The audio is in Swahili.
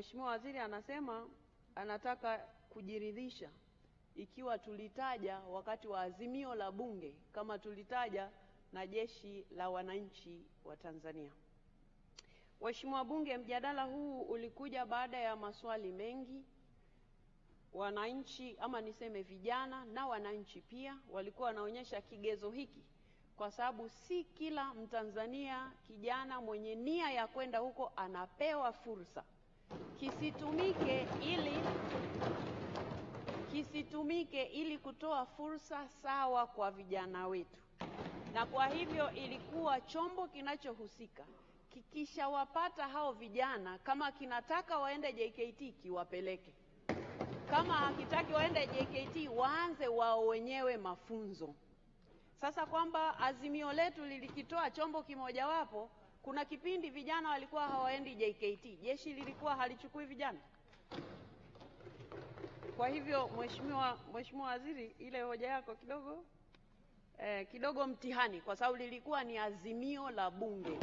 Mheshimiwa Waziri anasema anataka kujiridhisha ikiwa tulitaja wakati wa azimio la Bunge kama tulitaja na Jeshi la Wananchi wa Tanzania. Mheshimiwa bunge mjadala huu ulikuja baada ya maswali mengi. Wananchi ama niseme vijana na wananchi pia walikuwa wanaonyesha kigezo hiki, kwa sababu si kila Mtanzania kijana mwenye nia ya kwenda huko anapewa fursa kisitumike ili kisitumike ili kutoa fursa sawa kwa vijana wetu, na kwa hivyo ilikuwa chombo kinachohusika kikishawapata hao vijana, kama kinataka waende JKT kiwapeleke, kama hakitaki waende JKT waanze wao wenyewe mafunzo. Sasa kwamba azimio letu lilikitoa chombo kimojawapo kuna kipindi vijana walikuwa hawaendi JKT, jeshi lilikuwa halichukui vijana. Kwa hivyo mheshimiwa, mheshimiwa waziri, ile hoja yako kidogo eh, kidogo mtihani, kwa sababu lilikuwa ni azimio la bunge.